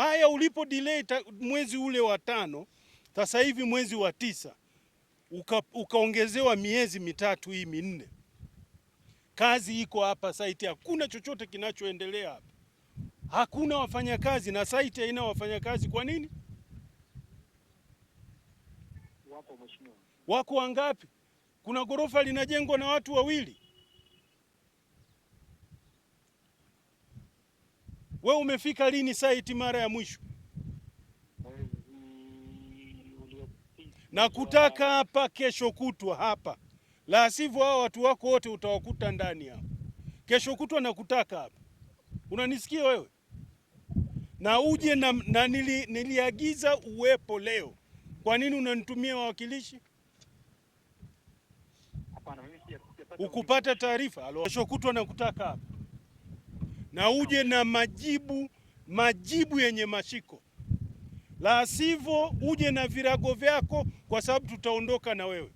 Haya, ulipo delay mwezi ule wa tano, sasa hivi mwezi wa tisa uka, ukaongezewa miezi mitatu hii minne. Kazi iko hapa site, hakuna chochote kinachoendelea hapa, hakuna wafanyakazi na site haina wafanyakazi. Kwa nini? Wako mheshimiwa, wako wangapi? Kuna ghorofa linajengwa na watu wawili. We umefika lini site mara ya mwisho? na kutaka hapa kesho kutwa hapa, la sivyo hao watu wako wote utawakuta ndani hapa kesho kutwa, na kutaka hapa. Unanisikia wewe? na uje na, na nili, niliagiza uwepo leo. Kwa nini unanitumia wawakilishi? Hapana, mimi ukupata taarifa. Kesho kutwa na kutaka hapa na uje na majibu majibu yenye mashiko, la sivyo uje na virago vyako, kwa sababu tutaondoka na wewe.